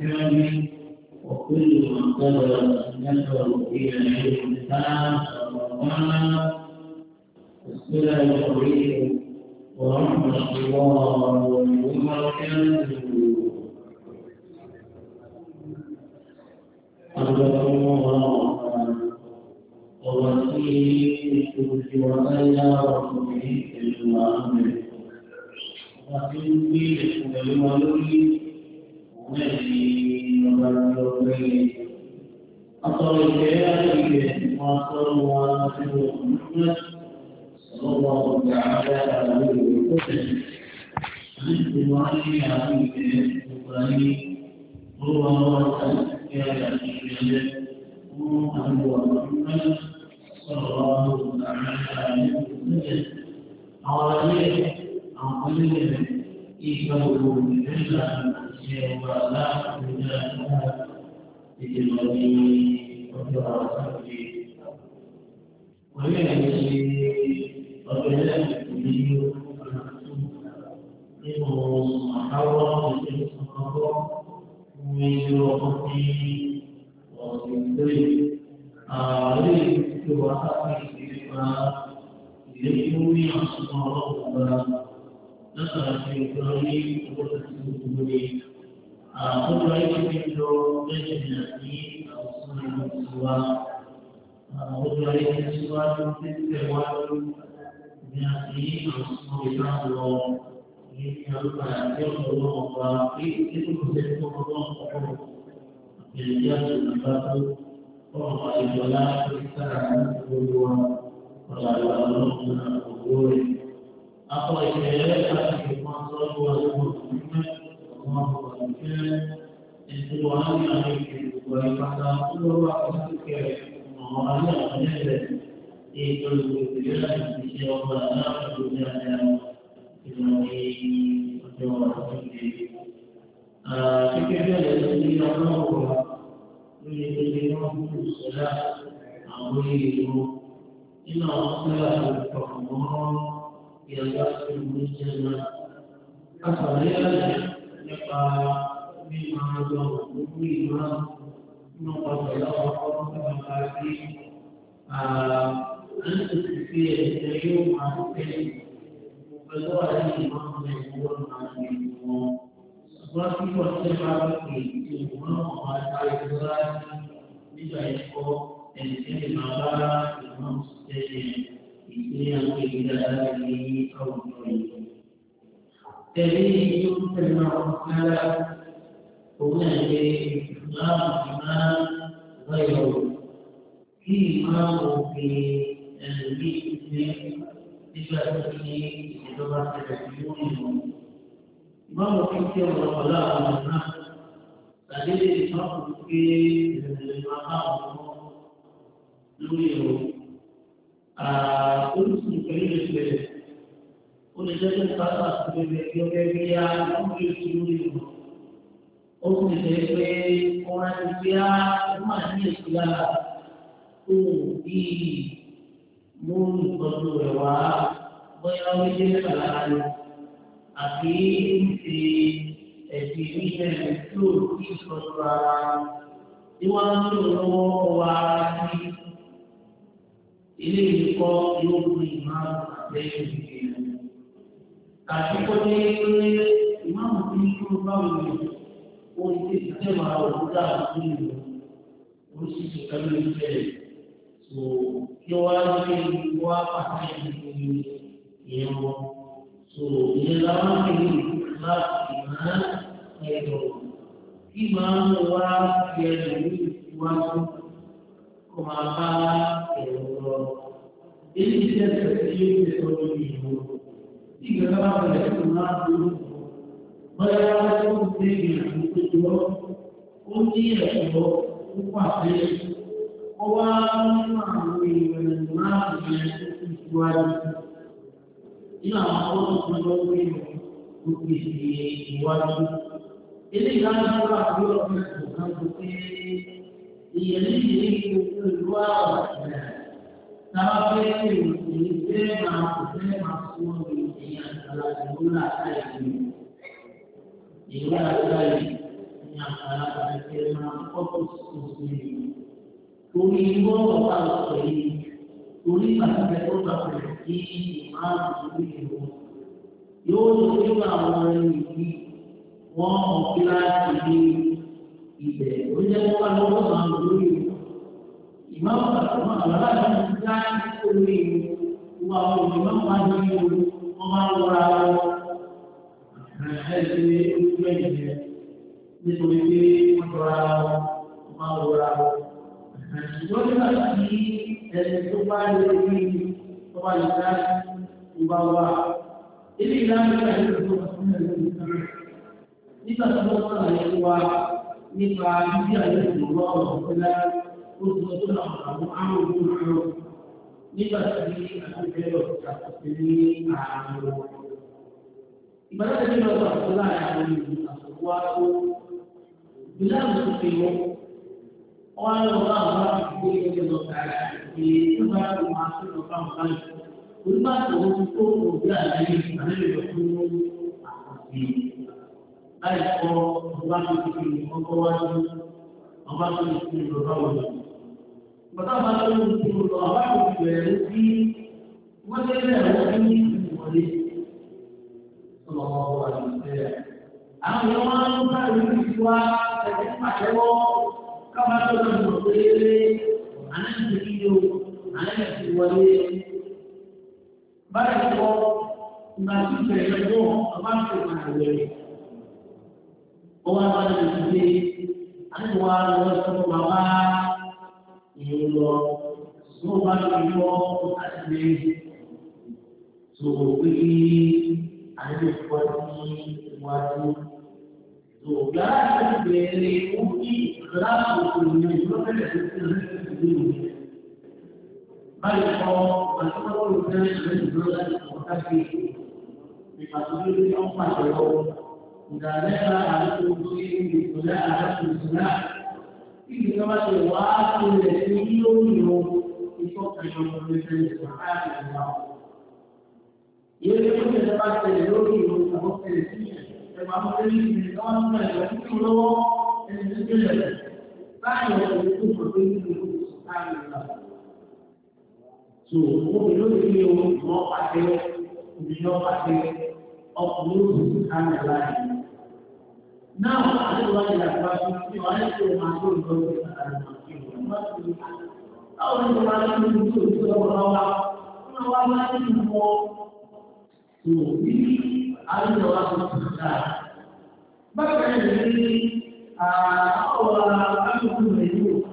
الثاني وكل من قدر نفسه في علم الاسلام رمضان السلام عليكم ورحمه الله وبركاته حفظكم الله ووسيلكم وألا ربكم الأمر وإني لكم الولي mẹ́rin ọba ní ọgbẹ́ yẹn. Asọ̀rọ̀ ìfẹ́ àti ìgbẹ́ wọn sọ̀rọ̀ wọn láti wọ̀ nígbà sọ̀rọ̀ wọn ọ̀gá àgbà àwọn olùkọ́ tẹ̀. Àdìsí wọn ní àwọn ìgbẹ́ ọba ní olúwa wọn tàbí ìgbẹ́ àgbà ìgbẹ́ wọn àgbà nígbà sọ̀rọ̀ wọn ọ̀gá àgbà àwọn olùkọ́ tẹ̀. Àwọn ilé àwọn ilé ìgbà olùkọ́ tẹ̀ cewa za a kuma ta cikin wani wato a sarki. Wani da shi ɓangaren da kuma yi karatu nínú àkáwọ́ ìṣe ìṣàkọ́kọ́ fún iye ọkọ̀ tí ọ̀sìn tẹ́lẹ̀. Ààrẹ ìṣe wa káàkiri ìṣèlú ìlérí lórí àṣùwọ̀n ọlọ́pàá látàrí ìgbà ní ọgbọ́n tó ti gbogbo Ojú ayé ti fi lo ẹ̀jẹ̀ náà ní àwọn ọmọ ìwà. Ojú ayé ti síwájú títẹ̀ wájú ní àti àwọn ọmọ ìwà lọ ní àlùkà àti ọ̀pọ̀lọpọ̀ ọ̀pá kí nínú ìṣẹ́ tó ọ̀pọ̀lọpọ̀ ọ̀pọ̀ ìrìnàjò àgbàdo ọ̀pọ̀ ìjọba tó sára ní gbogbo wa ọ̀làlọ́ ọlọ́run náà gbogbo rẹ̀. Akọ ìṣẹ̀lẹ̀ láti fi pọ́n sọ́dọ̀ wọn lọ́wọ́ Yeah, that's the reason. That's the reason. nípa mímọ ọjọ́ òkú ìmọ̀ nínú ọ̀sẹ̀ lọ́wọ́ ọkọ̀ nípa káàkiri àtúntò sí ẹ̀sẹ̀ yóò máa pẹ́ pẹ̀lú àyè ìmọ̀ ọ̀sẹ̀ ìwọ̀n máa ń gbé wọn. ṣùgbọ́n tí wọ́n ṣe máa ń pè é ìwọ̀n náà máa ń parí lọ́la nígbà ẹ̀kọ́ ẹ̀sẹ̀ máa bá ìmọ̀ ọ̀sẹ̀ ìgbéyàwó ìgbéyàwó تليه يمكن المعروفات هناك استخدام الإمام غيره في إمامه في المسلم بشأنه إدارة الديون إمام كثير العقلاء والناس فليل الفرق في المقام نريه أرسل كريم الشيخ ó lè jẹ́ pé bàbá àti bèbè gẹ́gẹ́ bí a ó lè fi lórí ìwọ̀n. ó sì lè pé ọ̀rọ̀ ti fi á máa ní èsì lára tó bí mú ìtọ́jú rẹ̀ wá bóyá ó lè jẹ́ kàlára ni àbí ti ẹ̀sìn ìbílẹ̀ tí ò tí ì tọ́jú ara tí wọ́n lọ́wọ́ ọwọ́ ní ilé ìkọ́ yóò fi máa lẹ́yìn tàbí kó ní pé ìmáàmù tí ń kúrò báwo ni òun ti ti tẹ́ máa òun dà nínú oríṣiríṣi pẹ̀lú ìfẹ́ tó kí wá ní wá pàtàkì nínú ìyẹn wọn tó ìyẹn láwọn kìíní láti máa ẹ̀dọ̀ kí máa ń wá fi ẹ̀dọ̀ ní ìwájú kó máa bá ẹ̀rọ lọ. Èyí ti tẹ̀sẹ̀ sí yóò tẹ̀sẹ̀ lórí ìwọ̀n tí ìgbẹ́ bá wà lẹ́yìn tó máa ń lò bóyá ó ń gbé ìrìn tó jọ ó ní ẹ̀ṣọ́ ó pàṣẹ ó wá nínú àwọn ìrìn máa ń lò tó ti wájú nínú àwọn àwọn tó ti lọ wí ó fi ìwájú. Ilé ìdájọ́ wà bí ọ̀gbìn kò tó pé ìyẹn ní ìdílé gbogbo ìlú àwọn àgbẹ̀. Sama seperti ini, ini masuk ini masuk di dalam dalam dunia saya ini. Di dunia saya ini yang dalam dalam firman fokus khusus ini. Kuli ibu kalau kuli, kuli pasti betul betul di iman kuli ibu. Yunus juga orang ini, wah kira ini ide. Ujian kalau orang dulu Imam Fatimah adalah menunjukkan kuli waktu Imam Mahdi mengalami hasil ujiannya. Ditulis mengalami mengalami Sebenarnya lagi dari kembali lagi kembali membawa ini dalam kehidupan kita semua telah kuat ini pasti ada di Allah oṣù tó lọ àwọn àwọn ògùn àwọn nígbà tí àtúntẹ̀ lọ ṣàkóso ní ààrùn wọn. ìbáraẹ̀ tí wọ́n wà fún láàrin àwọn ìlú àkókò wa tó ìlànà tó fi wọ́n wọ́n á lọ bá àwọn àkókò ìgbésẹ̀ lọ tààrà èyí tó bá tó máa tó lọ bá wọn báyìí. onígbà tó ń kó òbí àlàyé ìgbàlẹ́ lọ fún àkọsí. láì kọ́ ọba tó ti fi ọkọ̀ wájú ọba tó ti fi ọba wájú. bàtà máa lọ lórí ti lọ àwọn èèyàn tó lọ sọ ìlọ tó bá yọ àti tó pé ayé pọ̀ ní iwájú. Tògbà ìbéèrè òkè láàbùkù ní ìlọ́fẹ̀lẹ̀ tó ti rẹ̀ sí ìlú. Báyìí kọ́ àtúntò olùdarí ìlú ìlú láti kọ́ káàkiri. Ìpàdé ọ̀pá ìlọ́wọ́. Ìdàrẹ́ra àti ojú ìlú ìpínlẹ̀ àti ìpínlẹ̀. Ibi kan máa ṣe wá sí ilẹ̀ sí yóò nílò ìfọ̀kànṣọ́ lórí ìfẹ́ àti ìgbà. Ìyẹn ló ń tẹ̀lé bá tẹ̀lé lórí ìlú àwọn tẹ̀lé sí ẹ̀gbà àwọn tẹ̀lé sí ẹ̀gbà wọn tún ẹ̀gbà tí kò lọ́wọ́ ẹni tó tẹ̀lé. Báyọ̀ ẹ̀rọ tó kò tó ní ìlú àti ìgbà. So, owó mi ló ti ní ohun ìmọ̀ pàṣẹ, òmìnira pàṣẹ, ọkùnrin ó sì ká Now, as it was in that question, you are actually my school in those days that I am not in. What do you think? How many of you are going to do it? So, what do you want to do for? To be, I don't know what to do for that. But when you see, uh, how are you going to do it?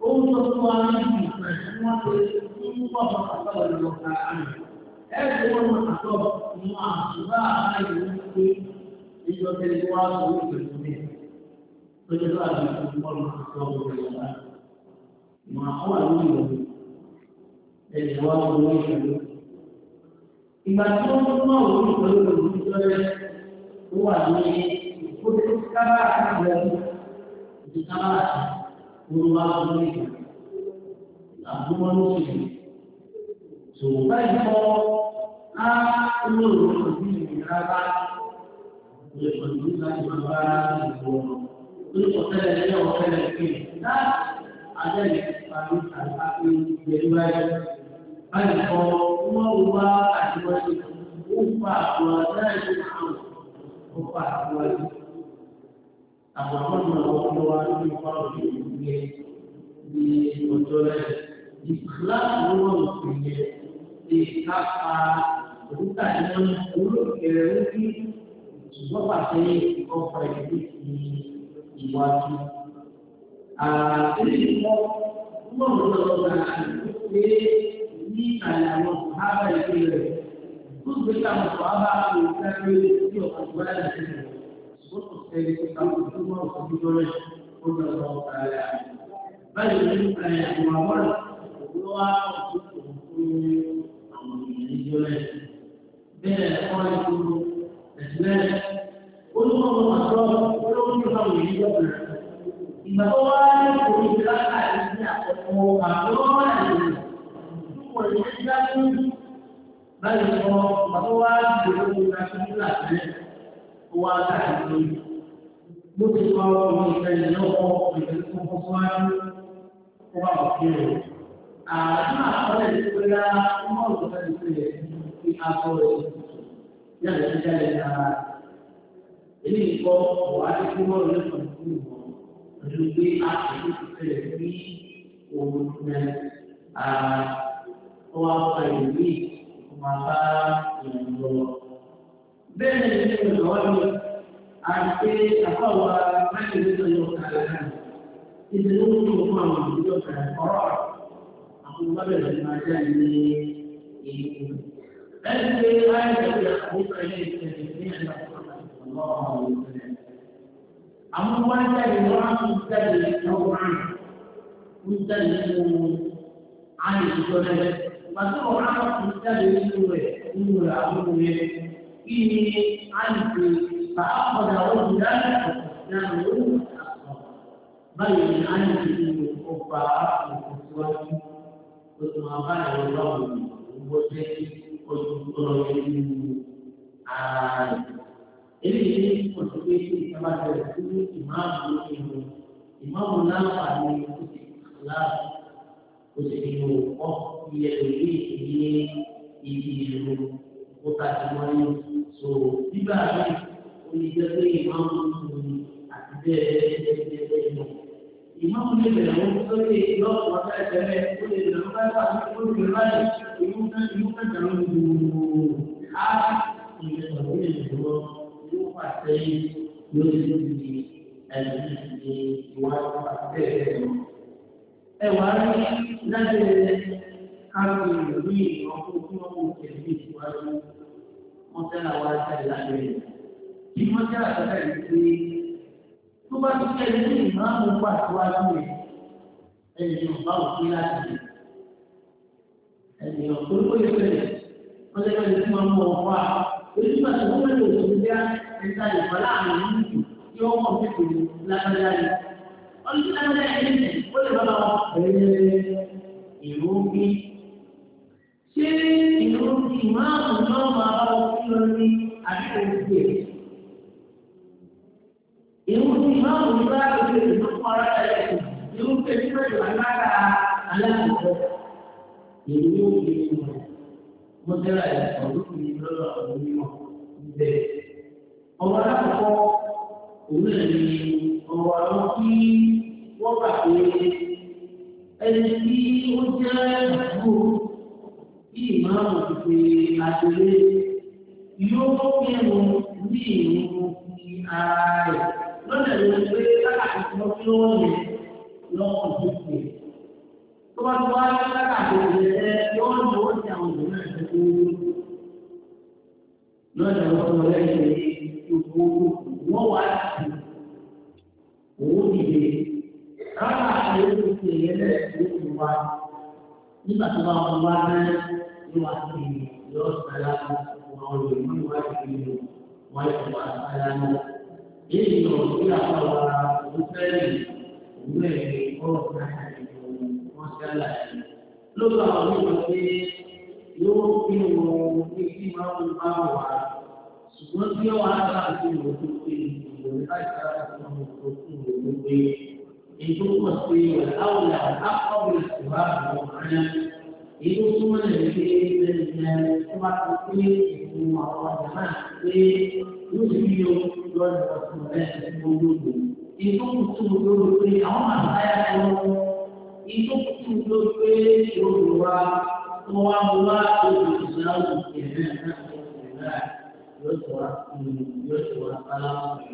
Oh, so you are going to be fresh. You want to be, you want to be, you want to be, you want to be, you want to be, you want to be, you want to be, you want to be, you want to be, níjọ́ tẹ́lẹ̀ tó wá sọ ní ìpẹ̀lú mi lọ́jọ́ tó àti ìfọ̀lù àti ọ̀gbọ̀n rẹ̀ yàrá mà á wà ní ìlú ẹ̀jẹ̀ wá sọ ní ìpẹ̀lú. ìgbà tí wọ́n tún máa wò ní ìpẹ̀lú pẹ̀lú ìjọ́rẹ́ tó wà ní ìfọ̀lù kábà àti ìlú kábà àti ìlú wá sọ ní ìpẹ̀lú. àbúrò ló sì tò báyìí kọ́ á lóòrò àbí ìrìn rárá. 也是云南一般很多。所以我现在要我现在去，那俺这里把你产他去原来，还有说我无法感觉是无法我在去无法我。啊，我们的我们我们包括你，你我觉得你可能我们你，你他啊，不但能无论给人听。ṣùgbọ́n pàṣẹ ọkọ̀ ìlú ti ìwájú. Àtẹ̀lé mọ́ wọ́n mú lọ gba àdúgbò pé ní ìtàlẹ̀ àwọn ọ̀hábà ìlú rẹ̀. Gbogbo ìta àwọn ọ̀hábà kò sáré sí ọ̀pọ̀ ìwà láti rẹ̀. Ṣùgbọ́n kò sẹ́ni tó ta kò tó mọ́ ọ̀pọ̀ ìjọ rẹ̀ ó lọ lọ ọ̀kàlẹ̀ àná. Báyìí ní ìtàlẹ̀ àwọn àwọ̀rọ̀ òwúrọ̀ wá ọ̀pọ̀ ìjọ rẹ̀. Bẹ́ẹ̀ olùkọ́ màtọ́ olóńgbò náà yìí lọ́wọ́ ìgbà tó wá ní orí ìlànà ìdí àkọ́kọ́ àkọ́kọ́ náà yìí lọ́wọ́ ìdí dájú báyìí sọ ìgbà tó wá ní orí ìlànà ìdí àkọ́kọ́ tó wá láti lórí ló ti ní àlẹ́ tó jáde ní ara rẹ̀. Èmi nìkọ́ ọ̀wá ní kí wọ́n rẹ̀ lọ́sàn fún ìwọ̀n pẹ̀lú pé a kì í ti fẹ́ rí ohun rẹ̀ ara ọwọ́ apá ìwé ìkọ̀mọ̀ bá ìrìn lọ. Bẹ́ẹ̀ ni ní ìrànlọ́wọ́ mi, àti àfọwọ́ láti ní ìtọ́jú ọ̀kadà náà. Ìdílé ń lò fún àwọn ìdílé ọ̀kadà ọ̀rọ̀ àwọn ọmọ bẹ̀rẹ̀ máa jáde ní ìlú. بل في آية يخبط إليه التجدين الله عليه وسلم أما وانت يرى مستدل أو عنه مستدل عن الجنة فسوى عنه مستدل إنه لأبوه إني عنك فأخذ رجلا فاستسلمه بل عنك الكفار والكسوة وثم قال الله وجهه oṣù tó lọ sí inú ààrẹ. eléyìí ní oṣù pé kí ìjọba bẹ̀rẹ̀ sí ní ìmáàmù ìlú ìmáàmù láǹfààní oṣù láàbù oṣù ìlú ọ̀hún ìyẹn lórí ìdílé ibi ìlú ó ta ti wáyé so bíbá rẹ̀ ó ní jẹ́ pé ìmáàmù ìlú àti bẹ́ẹ̀ bẹ́ẹ̀ imam ne da mu ko ke ilo wata da ne ko da da ba ta ko da ba ta mu kan mu kan da mu a ni da ko ne da ko ko fa sai yo ne ni alni wa fa sai e wa ni da de ka ni ni ko ko ko ke ni wa ni mo tana wa ta la ni ki mo ta ta ni tó bá ti tẹ̀lé ní ìmáàmù pàṣíwájú rẹ̀ ẹni yóò bá òkú láti rẹ̀ ẹni yóò tó ló yẹ fẹ́lẹ̀ wọ́n lé lọ́dún tí wọ́n mú ọ wá èyí tó ti wọ́n lè lò ní bíá ẹ̀ka ìgbà láàrin yìí tí wọ́n mọ̀ pípé lágbájá rẹ̀ wọ́n ti lágbájá rẹ̀ ní ó lè bá wọn ẹ̀ẹ́ ìró bí ṣé ìró bí ìmáàmù náà máa bá wọn kí ẹ̀ àtẹ̀lé yóò kí ẹ̀rọ ní ìlú ní ara rẹ̀ lọ́nà ìwé pé lákàtí tí wọ́n fi ń wọ́n yẹn lọ́wọ́ ìdíje. Tó bá tó wá ní lákàtí ìwé ẹ yóò ní owó tí àwọn ìwé náà ti kú. Lọ́nà ìwé ọmọ lẹ́yìn yìí lọ wà á ṣùgbọ́n tí àwọn ọmọ tó itu semua nanti dan semua ini semua orang ini video dan semuanya dulu itu dulu ini awal saya kalau itu dulu itu dua dua dua itu jauh ya Yosua Yosua kalau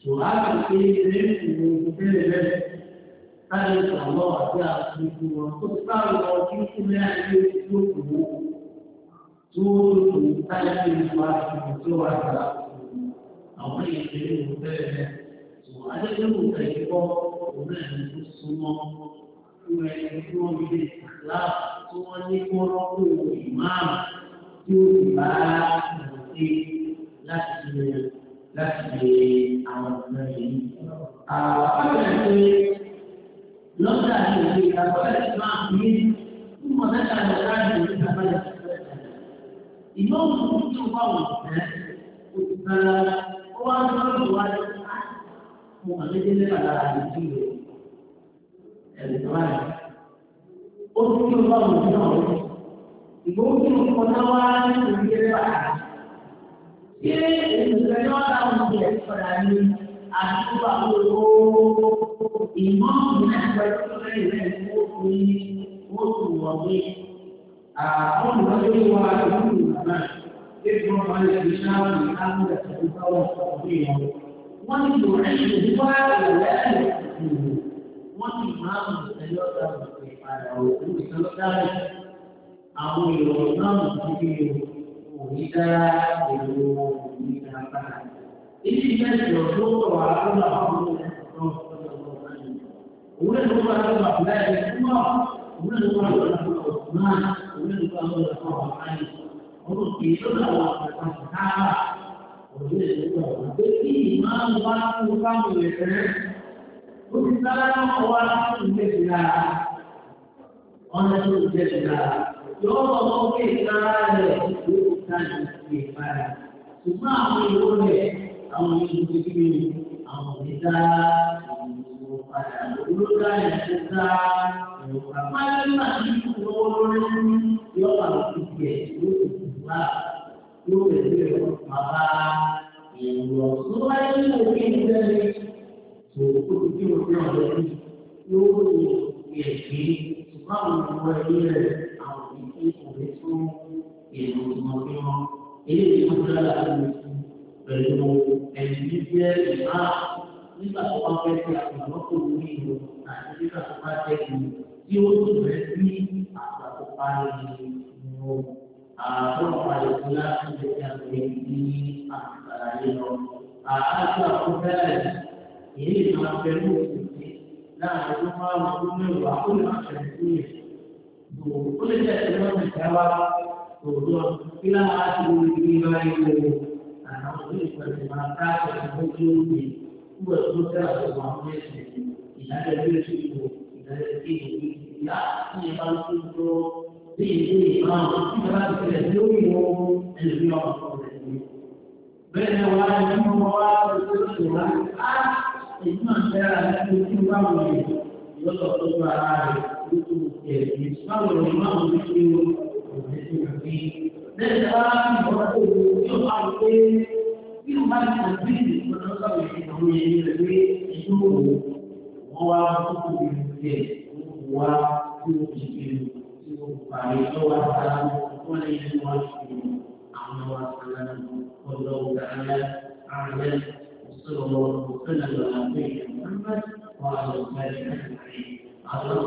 Surah ini ini ini láti ṣe àwọn àti àtúntò wọn tó bá wọn kí kú lẹ́yìn tó kù ó tó kù táyà tó ń wá tó wà lára àwọn ìṣẹ̀lẹ̀ ìwò bẹ́ẹ̀ tó adéjọ́ ìwò tẹ̀lé òun náà ní súnmọ́ fún ẹni tí wọ́n fi lè sàlá tí wọ́n ní kó rọ́pò ìmáàmù tí ó sì bá ìrọ̀lẹ́ láti ṣe láti ṣe àwọn ọ̀nà yìí lọ́dà ní òde ìgbàgbọ́lẹ̀ tó máa ń yé fún mọ̀lẹ́ta lọ́dà ní òde ìgbàgbọ́lẹ̀ tó fẹ́ tẹ̀lé. Ìmọ̀ òkú tó wà wọ̀ ẹ́ òtítàlá ó wá ń lọ́dọ̀ wá lọ mo kàn déédéé lẹ́ka lára rẹ̀ sí rẹ̀ ẹ̀rẹ̀ tó wà rẹ̀. Ó ti kí o bá wọ̀ ní ọ̀rọ̀ ìgbó kí o kọjá wá ní òde lẹ́ka rẹ̀. Ṣé èdè ìgbẹ́jọ́ àwọn ọmọ ìmọ̀ọ́mù náà pẹ̀lú lẹ́yìn lẹ́yìn tó fi oṣù wọ̀nyí. Àwọn olùwájú wa ìlú ìlànà ètò ọmọ ilẹ̀ ìṣáàmù ìlànà ìtàkùn báwọ̀ ọ̀gbìn yẹn. Wọ́n ti lò ẹ̀yìn nípa ìwẹ̀ ìlú. Wọ́n ti máa ń tẹ̀lé ọ̀dà òkè padà òkú ìtọ́lọ́dáàbò. Àwọn ìrọ̀rùn náà ti fi òní dá èrò òní dá padà. Èyí ti bẹ́ẹ̀ sọ̀rọ̀ tó sọ̀rọ̀ àwọn àwọn ọmọ Kemudian semua orang tua belajar semua. Kemudian semua orang tua nak berkhidmat. Kemudian semua orang tua nak berkhidmat. Untuk itu lah orang berkhidmat. Kemudian ya kan? semua orang tua nak berkhidmat. Kemudian semua orang tua nak berkhidmat. Kemudian semua orang tua nak berkhidmat. Kemudian semua orang tua nak berkhidmat. Kemudian semua orang tua nak berkhidmat. Kemudian semua orang tua nak berkhidmat. Kemudian semua orang tua nak berkhidmat. Kemudian semua orang tua nak padà lówó láyé tó a ọ̀rọ̀ àpáyé náà ní ìfowó lórí yóò wà lókè tiẹ̀ para sì tù wá yóò lè rí ẹ̀rọ bàbá ìrọ̀ o ti o fi hàn lẹ́yìn yóò lè yẹ kí ṣùgbọ́n àwọn ọmọ ẹgbẹ́ rẹ̀ àwọn ìdí òwe fún nígbà tó wọn fẹẹ fẹ àtọwọ tó wúni ìlú àti nígbà tó wọn fẹẹ fẹ kí ó tó rẹ bí àpapọ̀ parí ni mo àwọn àpapọ̀ tó láti lè fi àpẹ ní àgbàlayé lọ. àtàkù àkọ́bẹ̀rẹ̀ yìí ní ìlú àfẹnú òkùnkùn láàrin tó máa wọ fún mẹ́wàá ó lè má fẹ́ẹ́ fún yẹn. ó lè jẹ́ ìṣẹ́jú ọ̀sẹ̀ ìjà wa òdo kí láwọn aṣọ orin kí n bá yẹ wọ àwọn olóyè pẹ̀lú máa ká pẹ̀lú ọjọ́ òde. due sfruttato ma non è in area di residuo, in area di quindi là si è valutato quindi ma si parla di creazione nuovo e il mio problema. Bene, ora il mio nuovo professore ha e non c'era nessun valore io sto preparando tutto che mi stavo rimanendo più nel caso io anche tí o bá ti mọ̀ sí ìdìbò tó sọ̀rọ̀ ìṣòro yẹn rẹ̀ pé ìṣòro wọn wá kókò ìrìnsẹ̀ wá tí o ti fi tí o parí lọ́wọ́ àtàlà wọn lè ní wọn fi àwọn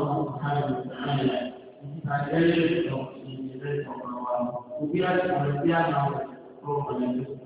ọmọ àtàlà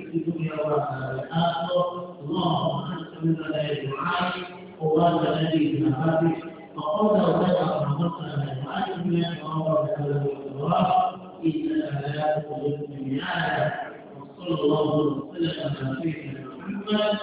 في الدنيا والآخرة اللهم أنت ممن لا يدعاني وأنت الذي بمحبك وقلنا وتدعى ما قلنا لا يدعاني من الله تعالى والتوراة إنك لا تخلق من وصلى الله وسلم على سيدنا محمد